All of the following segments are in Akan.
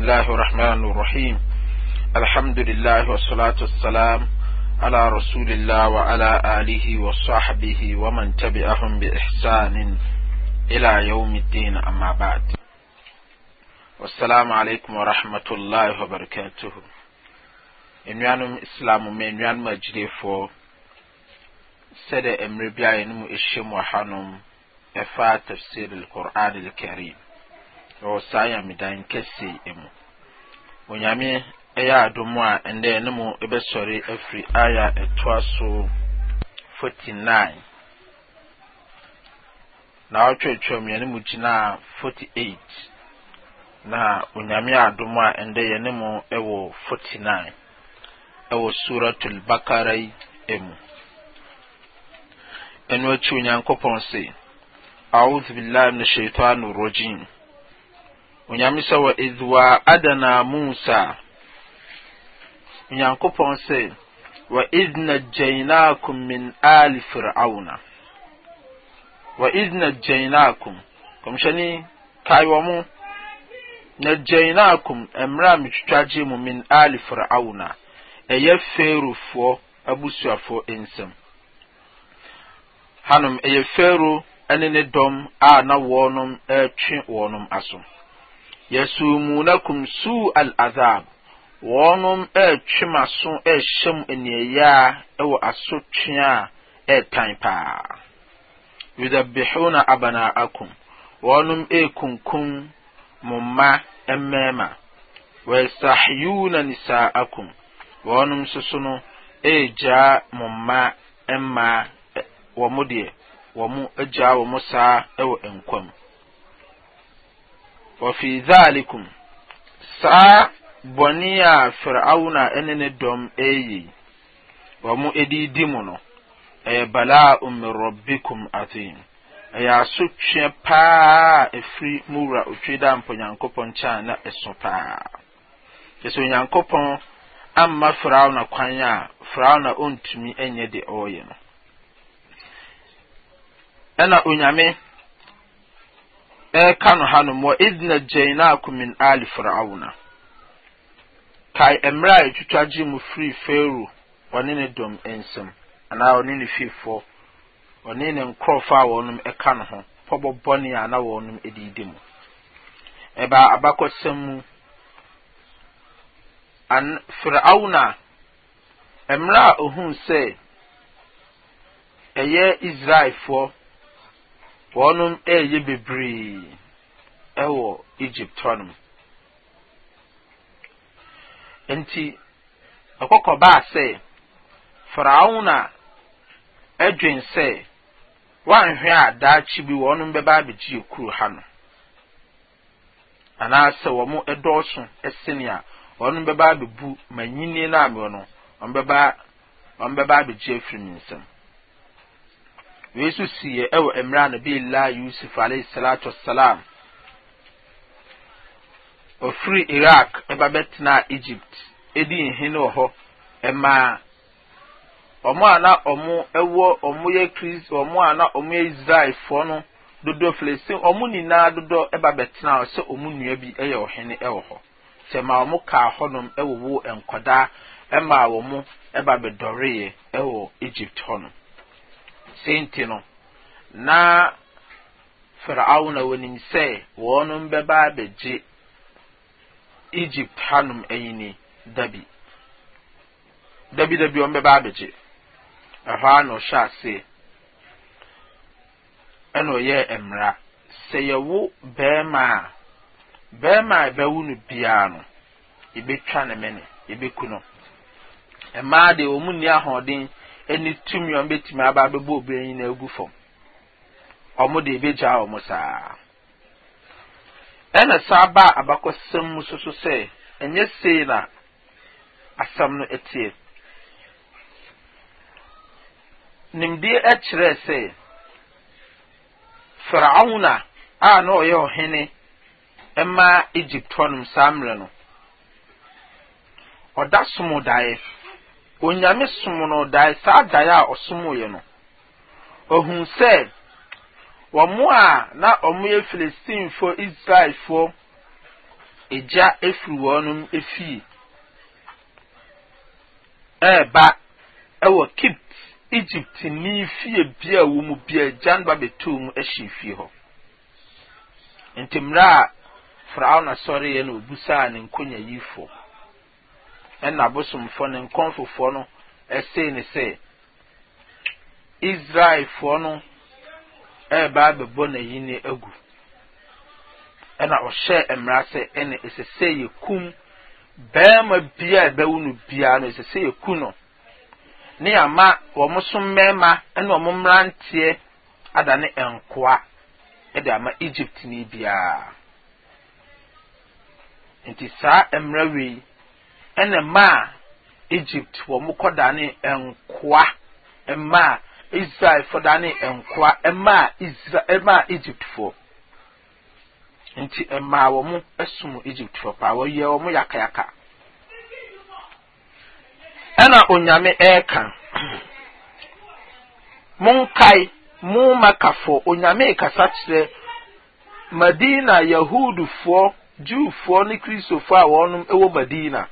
الله الرحمن الرحيم الحمد لله والصلاة والسلام على رسول الله وعلى آله وصحبه ومن تبعهم بإحسان إلى يوم الدين أما بعد والسلام عليكم ورحمة الله وبركاته nnuanom islam من nnuanom agyilefoɔ فو mmerɛ أمر yɛn مؤشم وحنم إفا تفسير القرآن الكريم ɛwɔ saa yamedan kɛseɛ mu onyame ɛyɛ adom a ɛndɛ ne mu ɛbɛsɔre afiri aya ɛtoa so 49 na ɔtwerɛtwerɛ mu yɛne mu gyinaa 48 na onyame adom a ɛndɛ yɛne mu ɛwɔ 49 ɛwɔ suratul bakara yi ɛmu ɛno akyi onyankopɔn se أعوذ بالله من الشيطان onyame sɛ wɔ idwa adana musa onyankopɔn sɛ wa id nagyainakum min ali fir'auna wa id nagyainakum kɔmhyɛne kae wɔ mo nagyainakum mmerɛ a metwitwagye mu min ali fir'auna ɛyɛ ferofoɔ abusuafoɔ nsɛm hanom ɛyɛ fero ne ne dɔm a na wɔnom ɛretwe wɔnom aso yasumunakum su al'azab wɔnom ɛretwe ma so ɛrehyɛ mu nneɛya ɛwɔ asotwea a ɛretan paa yudabihuna abanaakum wɔnom ɛrekunkum mo mma mmarima nisa akum wɔnom nso so no ɛregyaa mo mma mmaa wɔn deɛ wɔn agyaa wɔn saa ɛwɔ nkwa mu wa fi dhalikum saa bɔne a fir'auna ɛne ne dɔm ɛyi wɔn mo ɛdidi mu no ɛyɛ bala'un min rabbikum azim ɛyɛ aso asotwe paa ɛfiri mu wura otwe da mpo nyankopɔn nkyɛn na ɛso paa kyɛ sɛ onyankopɔn amma fir'auna kwan a fir'auna ontumi ɛnyɛ de ɔɔyɛ no ɛna onyame ɛka no hanom wɔ idna gyainaakum min ali fir'auna kae mmerɛ a ɛtwitwa gye mu firi fero ɔne ne dɔm nsɛm anaa ɔne ne fiefoɔ ɔne ne nkorɔfo a wɔnom ɛka no ho pɔbɔ bɔne a na wɔnom ɛdidi mu ɛbaa abakɔsɛm mu fir'auna mmerɛ a ohun sɛ ɛyɛ israelfoɔ wọn ɛyɛ bebree ɛwɔ egypt hɔnom nti ɛkɔkɔ baa sɛ farao na ɛdwen sɛ wɔanhwɛ a daakye bi wɔnom bɛba abegye ekuru ha no anaasɛ wɔn ɛdɔɔso ɛsɛnea wɔnom bɛba abɛbu manyini no a mewɔ no wɔn bɛba wɔn bɛba abɛgye afiri mi nsam wei si siiɛ ɛwɔ mmerɛ a nabiilah yusuf alayhi salatu wassalam ofiri iraq ɛba bɛtenaa egypt edi nhene wɔ hɔ ɛmaa ɔmo a na ɔmo ɛwɔ ɔmo yɛ kris ɔmo a na ɔmo yɛ israelfoɔ no dodo filistin ɔmo nyinaa dodo ɛba bɛtenaa sɛ ɔmo nua bi ɛyɛ ɔhene ɛwɔ hɔ kyɛ ma ɔmo kaa hɔnom ɛwɔwɔ nkɔdaa ɛmaa wɔn mo ɛba bɛdɔreeɛ ɛwɔ egypt hɔnom sei na no na firauna wɔnim sɛ wɔnom bɛba abɛgye egypt hanom ayi ni dabi dabi dabi wɔn bɛba abɛgye ɛhɔ a na ɔhyɛ ase ɛna ɔyɛ mmara sɛ yɛwo bɛrima a bɛrima a ɛbɛwo no biara no yɛbɛtwa ne mene yɛbɛku no mmaa deɛ wɔn mu nni ahoɔden ɛne tumi a ɔbɛtumi aba abɛbɔ obìnrin yi na egu fam ɔmo de ebegya ɔmo saa ɛna saa ba abakɔsɛm mu soso sɛ ɛnyɛ sei na asɛm no ɛteɛ nimdeɛ ɛkyerɛ sɛ firaahuna a na ɔyɛ ɔhene ɛma egypt hɔnom saa mmerɛ no ɔda somo daeɛ. onyame som no dae saa dae a ɔsomoeɛ no ohun sɛ wɔn a na wɔyɛ filistinfoɔ israelfoɔ egya efiri wɔn efie ɛɛba ɛwɔ kipt egypt ni fie bia wɔ mu bia egya no ba bɛtoo mu ɛhyɛ fie hɔ ntɛmira a firawo na sɔre yɛ na a ne nkonyayifoɔ. ɛna abosomfoɔ ne nkɔmfofoɔ no ɛsee ne sɛ israelfoɔ no ɛreba abɛbɔ n'ayi n'ayinne agu ɛna ɔhyɛ mmara sɛ ɛna ɛsɛ sɛ yɛ kum bɛrima bia a ɛbɛwo no biara no ɛsɛ sɛ yɛ ku no ne ama wɔn so mmarima ɛna wɔn mmeranteɛ ada nkoa ɛde ama egypt ni biara nti saa mmerɛ wei ɛna mmaa egypt wɔn kɔda daane nkoa mmaa israel fɔda ne nkoa mmaa israel mmaa egypt nti mmaa wɔn ɛsom egypt foɔ paa wɔyɛ wɔn yakayaka ɛna onyame ɛɛka monkae mo makafo onyame kasa kyerɛ madina yahudufoɔ jewfoɔ ne kristofoɔ a wɔn wɔ madina.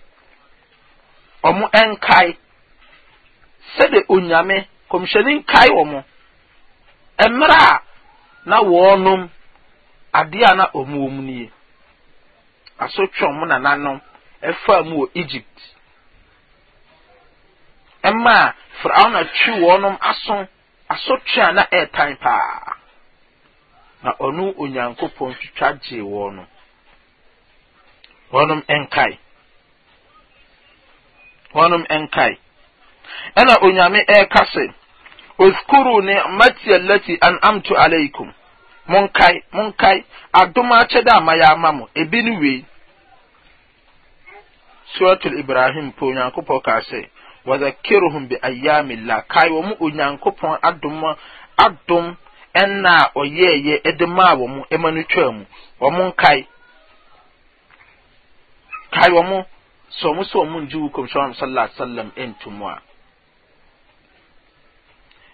ɔmo nkae sɛde onyame kɔmhyɛni nkae ɔmo mmerɛ a na wɔnom adeɛ a na ɔmo wɔ mu nie asotwe ɔmo nananom ɛfaa mu wɔ egypt ɛma a firawo na twi wɔnom aso asotwe a na ɛɛtan paa na ɔno onyankopɔn twitwa gyee wɔn no wɔnom nkae wɔnom nkae ɛna onyame ɛreka se oskuru ne mati alati an'amtu alaikum monkae monkae adom akyɛde a mayɛ ama mo ebi ne wei suratul ibrahim po onyankopɔn kaa sɛ wadhakiruhum bi ayamillah kae wɔ mu onyankopɔn adom adom ɛna a ɔyɛɛyɛ ɛde maa wɔ mu ɛma no twaa mu wɔ mo nkae kae wɔ mo so mu so mun ju kom shawam sallallahu alaihi wasallam entumwa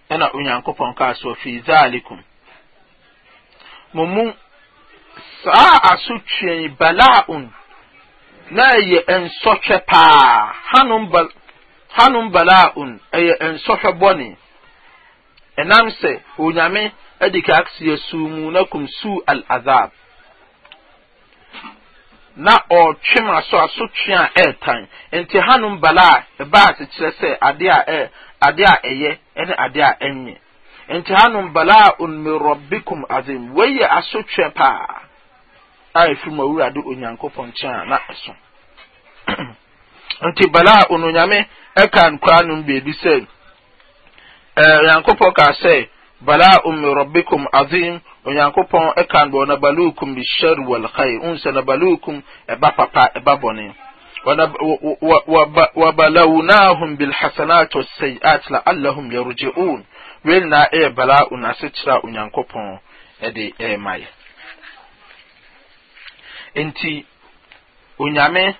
ana unyankopon ka so fi zalikum mumun saa asotwe bala'un na ɛyɛ nsɔhwɛ paa hanom bal hanom bala'un ɛyɛ nsɔhwɛ bɔne ɛnam sɛ onyame ɛde kaakseɛ suu mu na kum su al azab na ɔretwe ma so asotwe a ɛretan nti hanom bala a ɛbaa kyerɛ sɛ adeɛ a ɛ ade a ɛyɛ ne adeɛ a ɛnyɛ nti hanom bala a onmirɔbikum azim wɔyɛ asotwe paa a ɛfiri mu awurade onyankopɔn nkyɛn a na ɛso nti bala a ononyame ɛka nkora nom beebi sɛ ɛɛ nyankopɔn kaa sɛ bala'un min rabbikum azim onyankopɔn ɛka no wɔna baluukum bishar wal khair unsɛ na baluukum ɛba papa ɛba bɔne wabalawunahum bilhasanat wassayiat laallahum yarjiun wei nyinaa ɛyɛ bala'un ase kyerɛ onyankopɔn ɛde ɛɛma yɛ nti onyame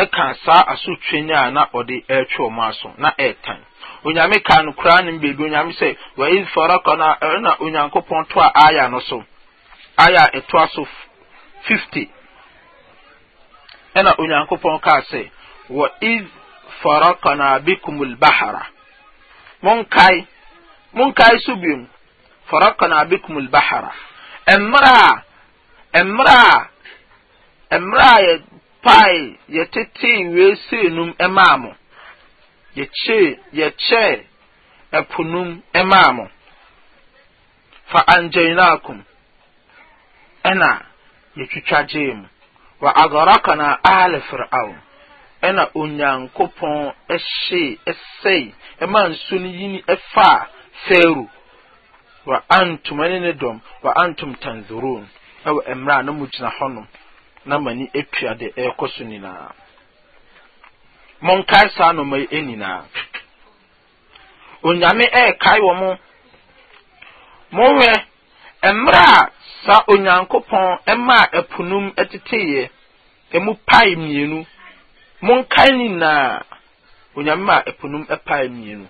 ɛka saa asotwe ne a na ɔde ɛretwe ɔmo aso na ɛretan onyame ka no koraa ne beebi onyame sɛ wɔyi fɔrɔkɔ na ɛna onyankopɔn to a aya no so aya ɛtoa so fifty ɛna onyankopɔn kaa sɛ wɔyi fɔrɔkɔ na bikumul bahara monkae monkae so biom fɔrɔkɔ na bikumul bahara mmerɛ a mmerɛ a mmerɛ a yɛ pae yɛtetee wiesee num ɛmaa mo yɛkyee yɛkyɛɛ ɛpo num ɛmaa mo fa angyɛnaakum ɛna yɛtwitwa gyee mu wa agarakana ahale fir'aun ɛna onyankopɔn ɛhyee ɛsɛe ɛma nsu no yini ɛfaa fɛɛru wa antum ɛne ne dɔm wa antum tanzurun ɛwɔ mmerɛ a na mo gyina hɔnom na mani atwa de ɛrekɔ so nyinaa monkae saa nnɔma yi nyinaa onyame ɛrekae wɔ mo monwɛ mmerɛ a saa onyankopɔn ɛmaa ɛponum ɛteteeɛ ɛmu pae mmienu monkae nyinaa onyame maa ɛponum ɛpae mmienu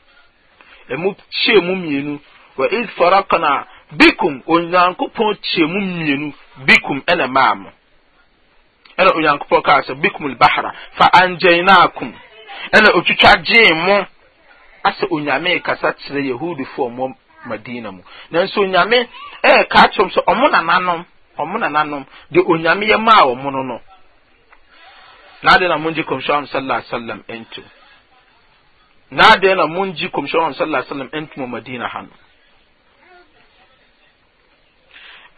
ɛmu kyee mu mmienu wɔ isfarakana bikum onyankopɔn kyee mu mmienu bikum ɛna maa mo ɛna onyankopɔn kaa sɛ bikumul bahara fa angyɛnaakum ɛna otwitwa gyee mo asɛ onyame kasa kyerɛ yahudifoɔ mɔ madina mu nanso onyame ɛyɛ kaa kyerɛm sɛ ɔmo nananom ɔmo nananom deɛ onyame yɛ maa ɔmo no no na adeɛ na mongye kɔmhyɛ sallallahu alaihi wasallam ɛntu na adeɛ na mongye kɔmhyɛ sallallahu alaihi wasallam ɛntu mu madina ha no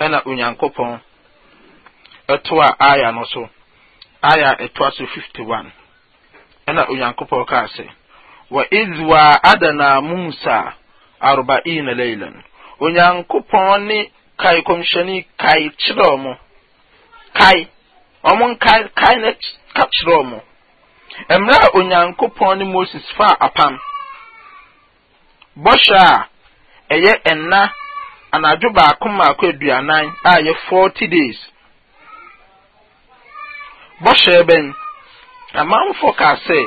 ɛna onyankopɔn ɛtoa aya no so aya ɛtoa so 51 ɛna onyankopɔn kaa sɛ wa izwa adana musa arba'in laylan onyankopɔn ne kae kɔmhyɛne kae kyerɛ mo kae ɔmo nkae kae na ka kyerɛ mo mmerɛ a onyankopɔn ne moses faa apam bɔhyɛ a ɛyɛ ɛnna anadwo baako mmaako aduanan a yɛ 40 days bɔhyɛ bɛn amanfo kaa sɛ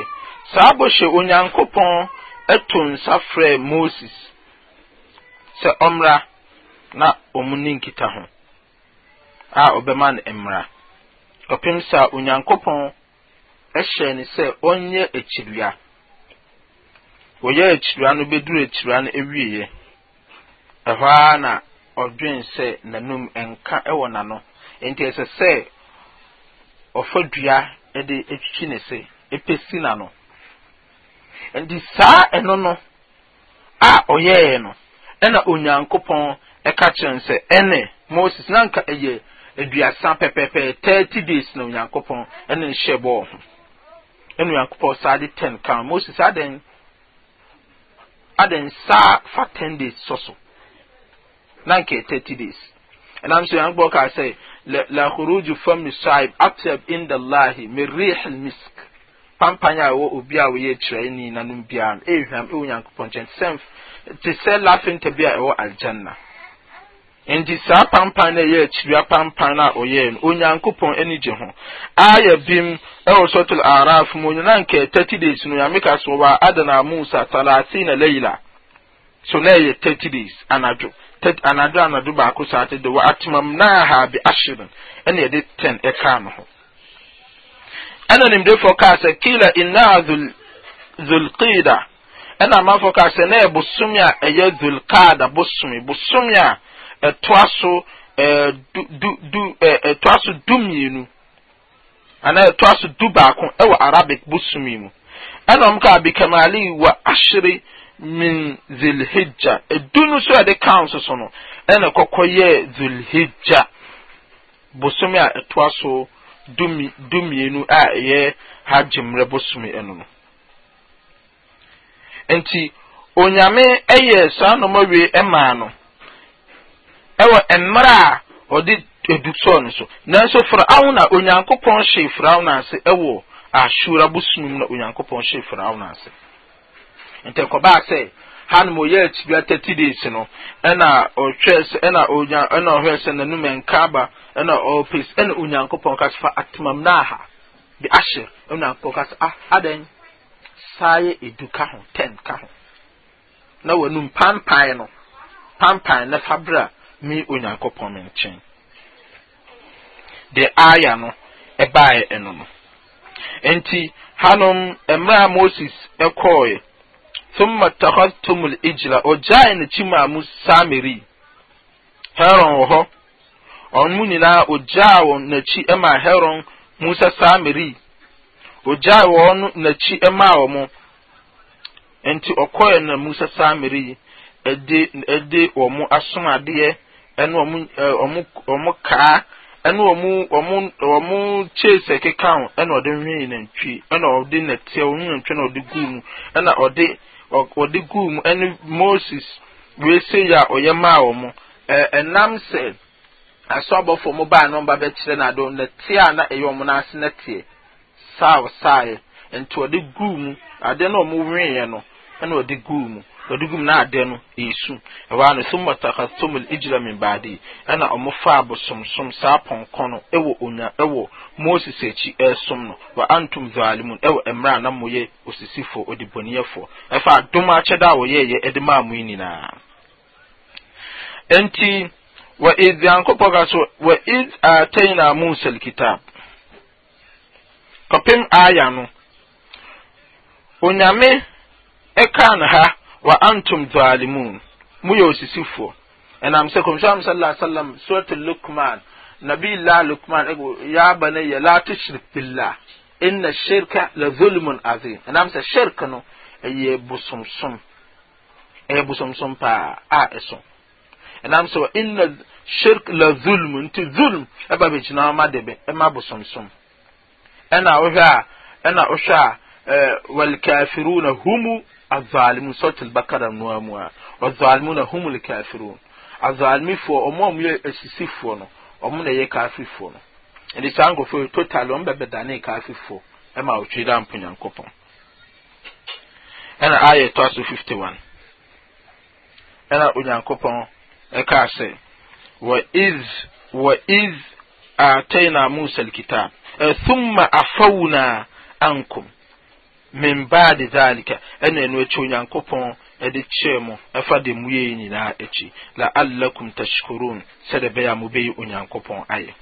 saa bɔhyɛ onyankopɔn ɛto nsa frɛ moses sɛ ɔmmra na ɔmo ne nkita ho a ɔbɛma no mmra ɔpem saa onyankopɔn ɛhyɛ no sɛ ɔnyɛ akyirua wɔyɛ akyirua no bɛduru akyirua no awieɛ ɛhɔ a na ɔdwen sɛ n'anum nka ɛwɔ n'ano nti ɛsɛ sɛ ɔfa dua de atwitwi ne se epesi n'ano nti saa ɛno no a ɔyɛɛ no ɛna onyankopɔn ɛka kyerɛ sɛ ɛne moses na nka ɛyɛ aduasa pɛpɛpɛ thirty days na onyankopɔn ɛne nhyɛ bɔɔ ho ɛna onyankopɔn saa de ten kan moses adan adan saa fa ten days sɔso na nka thirty days ɛnam so nyankopɔn kaa sɛ la khuruju fami saib atyab inda llahi min rih misk pampan eh, a ɛwɔ obi a wɔyɛ kyerɛni nanom biara no ɛhwam ɛwɔ nyankopɔn nkyɛn sɛm te sɛ lafenta bi a ɛwɔ aljanna nti saa pampan no ɛyɛ akyirua pampan a ɔyɛɛ no onyankopɔn ani eh, gye ho aya bim ɛwɔ eh, sɔtol araf mu onyina nkɛ 30 days no nyame ka so wɔ adana musa talasina laila so na ɛyɛ 30 days anadwo anadwo anadwo baako saa te de wɔatemam naaha bi ahyirin ɛna yɛde ten ɛkaa no ho ɛna nimdefoɔ kaa sɛ kila innaa zulqida ɛna amanfoɔ kaa sɛ na yɛ a ɛyɛ zulqada bosome bosome a ɛtoa so ɛtoa so du mmienu anaa ɛtoa so du baako ɛwɔ arabic bosome mu ɛna ɔmo kaa bikamali wɔ min zulhijja edu no so a yɛde ka nsoso no ɛna kɔkɔ yɛ zulhijja bosome a ɛtoa so dumienu a ɛyɛ hajimrɛ mmerɛ bosome ɛno no nti onyame ɛyɛ saa nnɔma wei ɛmaa no ɛwɔ mmerɛ a ɔde edu sɔɔ no so nanso firawo na onyankopɔn hyee firawo na ase ɛwɔ asura bosome mu na onyankopɔn hyee firawo na ase. nti kɔbaa sɛ hanom ɔyɛ akyibia thirty days no ɛna ɔhwɛ sɛ ɛna ɔnya ɛna ɔhwɛ sɛ n'anum nkaaba ɛna ɔɔpɛ ɛna onyankopɔn kasa fa atamam naaha bi ahyɛ onyankopɔn kasa ah adan saa edu ka ho ten ka ho na wɔnum panpan no panpan na fabra bra mi onyankopɔn mi nkyɛn deɛ aya no ɛbaeɛ ɛno no nti hanom mmaa moses ɛkɔɔɛ thumma takhatumul ijla ɔgyae ne kyima mu samiri heron wɔ hɔ ɔn mu nyinaa ɔgyaa wɔn n'akyi heron musa samiri ɔgyae wɔn n'akyi ɛma wɔn nti ɔkɔɛ na musa samiri ɛde ɛde wɔn asomadeɛ ɛne wɔn ɛɛ wɔn kaa ɛne wɔn wɔn wɔn kyeese keka ho ɛna ɔde hwee nantwie ɛna ɔde na wɔde guu mu ɛne moses wiesie a ɔyɛ maa wɔn mo ɛnam sɛ asɔbɔfo mo baa na ɔba bɛkyerɛ na do na a na ɛyɛ wɔn n'ase na teɛ saa ɔsaeɛ nti ɔde guu mu adeɛ na ɔmo wɛnyɛ no ɛna ɔde guu mu. ɔdugum na adeɛ no esu ɛwɔ ano sum matakasum egyina min baade ɛna ɔmo fa abosomsom saa pɔnkɔ no ɛwɔ onya ɛwɔ moses akyi ɛɛsom no wɔ antum zaalimun ɛwɔ mmerɛ a na mo yɛ osisifo odiboniyɛfo ɛfa adum akyɛdɛ a wɔyɛɛyɛ ɛde maa mo yi nyinaa ɛnti wɔ id yankopɔ ka so wɔ id atɛnyina musa kitab kɔpem aya no onyame ɛkaa no ha wa antum zalimun moyɛ osisifoɔ ɛnam sɛ kɔmhyɛm sallallahu alaihi wasallam surat lukman nabi la lukman ya banayya la tushrik billah inna shirka la zulmun azim ɛnam sɛ shirka no ɛyɛ busumsum ɛyɛ busumsum paa a ɛso ɛnam sɛ inna shirka la zulmun nti zulm ɛba bɛgyina ma de bɛ ɛma busumsum ɛna wohwɛ a ɛna wohwɛ a walkafiruna humu azalimu sɔtil bakara noa mu azalimu na humu kafirun azalimifoɔ ɔmo a ɔmo yɛ asisifoɔ no ɔmo na yɛ kafirfoɔ no ɛdi saa nkorɔfoɔ yi total ɔmo bɛbɛ dane kafirfoɔ ɛma ɔtwi da mpo nyankopɔn ɛna ayɛ tɔ so fifty one ɛna onyankopɔn ɛka sɛ wɔ iz wɔ iz atɛyina musa kitab ɛthumma afawuna ankum Memba de zalika, ene nou eti onyankopon, edi tsemo, efade mwenye ni la eti. La allekoum tashkouroun, sede beya moubeyi onyankopon aye.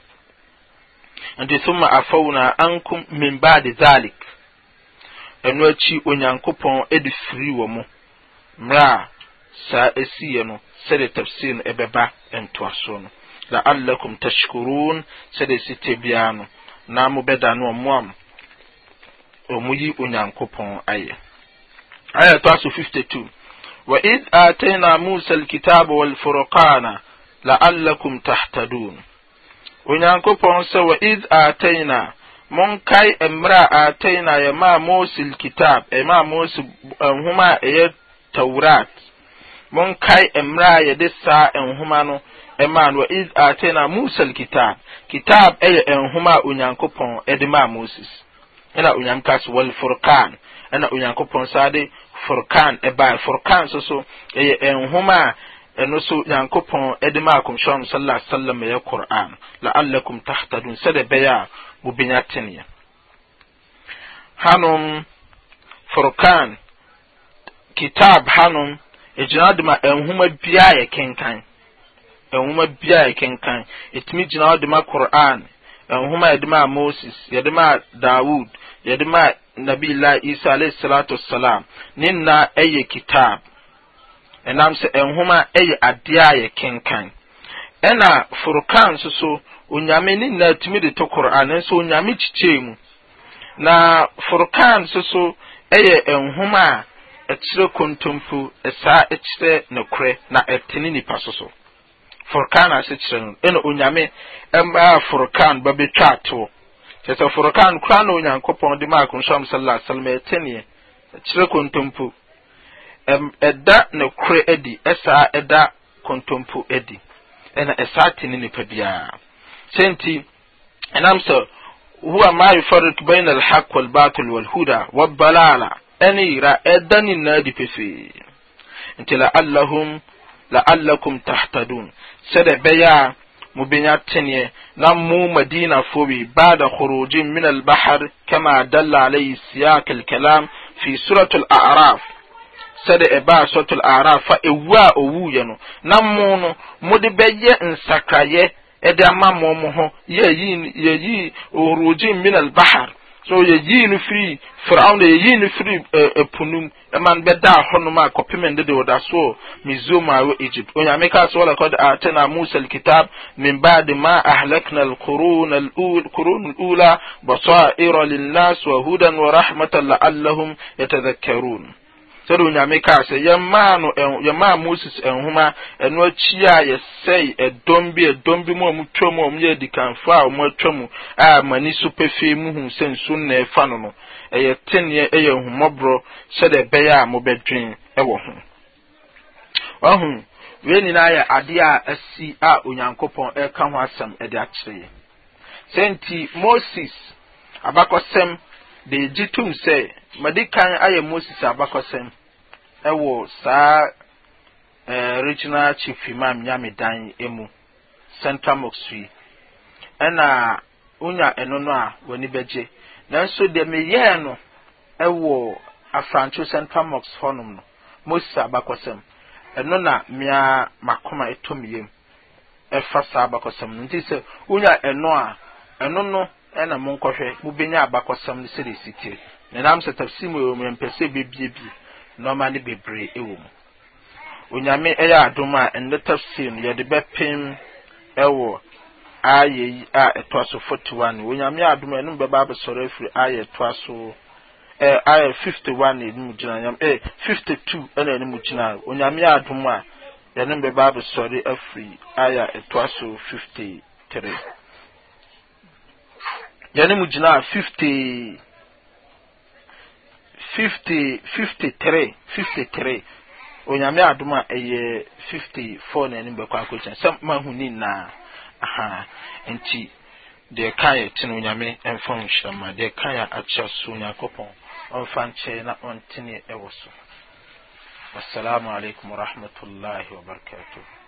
Endi souma afawou na ankoum, memba de zalik. E nou eti onyankopon, edi friwomo. Mla, sa esiyenou, sede tepsin e beba entwason. La allekoum tashkouroun, sede sitebyanou, nan moube danou mwamou. ɔmoyi onyankopɔn ayɛ ayɛ tɔ so 52 wa id آتينا musa الكتاب والفرقان لعلكم tahtadun onyankopɔn sɛ wa id ataina monkae mmerɛ a ataina yɛmaa mose kitab ɛmaa mose nhoma a ɛyɛ tawrat monkae mmerɛ a yɛde saa nhoma no ɛmaa no wa id ataina musa kitab kitab ɛyɛ nhoma a onyankopɔn ɛde maa moses ɛna onyankopɔn sɛ wɔl furkan ɛna onyankopɔn saa de furkan ɛbaa furkan so so ɛyɛ nhoma a ɛno so nyankopɔn ɛde maa akɔmhyɛm sallallahu alaihi wasallam ɛyɛ qur'an la'allakum tahtadun sɛde ɛbɛyɛ a mubenya teneɛ hanom furkan kitab hanom ɛgyina de ma nhoma biara yɛ kenkan nhoma biara yɛ kenkan ɛtumi gyina de ma qur'an nhoma yɛde maa moses yɛde maa dawood yɛde maa nabila isa alayhi salatu Salam, ne nna ɛyɛ kitab ɛnam sɛ nhoma ɛyɛ adeɛ a yɛ kenkan ɛna furkan nso so onyame ne nna tumi de to koran nso onyame kyikyee mu na furkan nso so ɛyɛ nhoma a ɛkyerɛ kontompo ɛsaa ɛkyerɛ nokorɛ na ɛtene nipa so so furkan ahyekyerɛ no ɛna onyame ɛmaa furkan bɛbɛtwa atoɔ kyerɛ sɛ furkan kora na onyankopɔn de maa akonsɔm sallallahu alaihi wasallam ɛtɛneɛ ɛkyerɛ kontompo ɛm ɛda ne korɛ adi ɛsaa ɛda kontompo adi ɛna ɛsaa te ne nipa biara sɛnti ɛnam sɛ huwa ma yufarrik bayna alhaq walbatil walhuda wabalala ɛne yira ɛda ne nyinaa di pefee nti la'allahum la'allakum tahtadun sɛdeɛ ɛbɛyɛ a mubenya teneɛ na mu madinafoɔ bi baada khurujin min albahar kama dalla alayhi siyak alkalam fi surat al-a'raf sɛdeɛ ɛbaa surat al-a'raf fa ewu a owuiɛ no na mu no mode bɛyɛ nsakrayɛ ɛde ama mo mo ho yɛyi yɛyi khurujin min albahar so yɛyii no firi firaun na yɛyii no firi ɛpo no mu ɛma no bɛdaa hɔnom a kɔpem ne de wɔda soɔ mizom ma ɛwɔ egypt onyame kaa sɛ walakɔd atena musa kitab min bade ma ahlakna alqurun alula basaira linnas wa hudan wa rahmatan laallahum yatadhakkarun sɛde onyame kaa sɛ yɛmaa no yɛmaa moses nhoma ɛno akyi a yɛsɛe ɛdɔm bi ɛdɔm bi mu a mutwa mu a ɔmyɛ adikanfo a ɔmo atwa mu a mani so pefee mu hu sɛ nsu na ɛfa no no ɛyɛ teneɛ ɛyɛ nhomɔborɔ sɛde ɛbɛyɛ a mobɛdwen ɛwɔ ho ɔho wei nyinaa yɛ adeɛ a asi a onyankopɔn ɛka ho asɛm ɛde akyerɛ yɛ sɛ nti moses abakɔsɛm de gye tom sɛ madi kan ayɛ moses abakɔsɛm ɛwɔ saa ɛɛ regional chief imam nyame dan emu central mosque yi ɛna onya ɛno no a w'ani bɛgye nanso deɛ meyɛɛ no ɛwɔ afrantwo central mosque hɔnom no moses abakɔsɛm ɛno na mmea makoma ɛtɔ me yam ɛfa saa abakɔsɛm no nti sɛ onya ɛno a ɛno no ɛna mo nkɔhwɛ mo benya abakɔsɛm no sɛdeɛ si tie nenam sɛ tafsir mu wɔ mu mpɛ sɛ bebiebie nneɛma no bebree wɔ mu onyame ɛyɛ adom a ɛnɛ tafsir no yɛde bɛpem ɛwɔ ayɛ yi a ɛtoa so forty one onyame adom a ɛnum bɛba abɛsɔrɔ afiri ayɛ ɛtoa so ɛɛ ayɛ fifty one na ɛnum gyina nyam ɛɛ fifty two ɛna ɛnum gyina onyame adom a yɛnum bɛba abɛsɔrɔ afiri ayɛ ɛtoa so fifty three yɛnum gyina fifty fifty fifty three fifty three onyame adum a ɛyɛ fifty four na anim bɛkɔ akɔkyɛ sɛ mahu ni naa aha nti deɛ ka yɛ tene onyame mfa ho hyerɛma deɛ ka yɛ akyerɛ so onyankopɔn ɔmfa nkyɛn na ɔntene ɛwɔ so wassalamu alaikum warahmatullahi wabarakatuh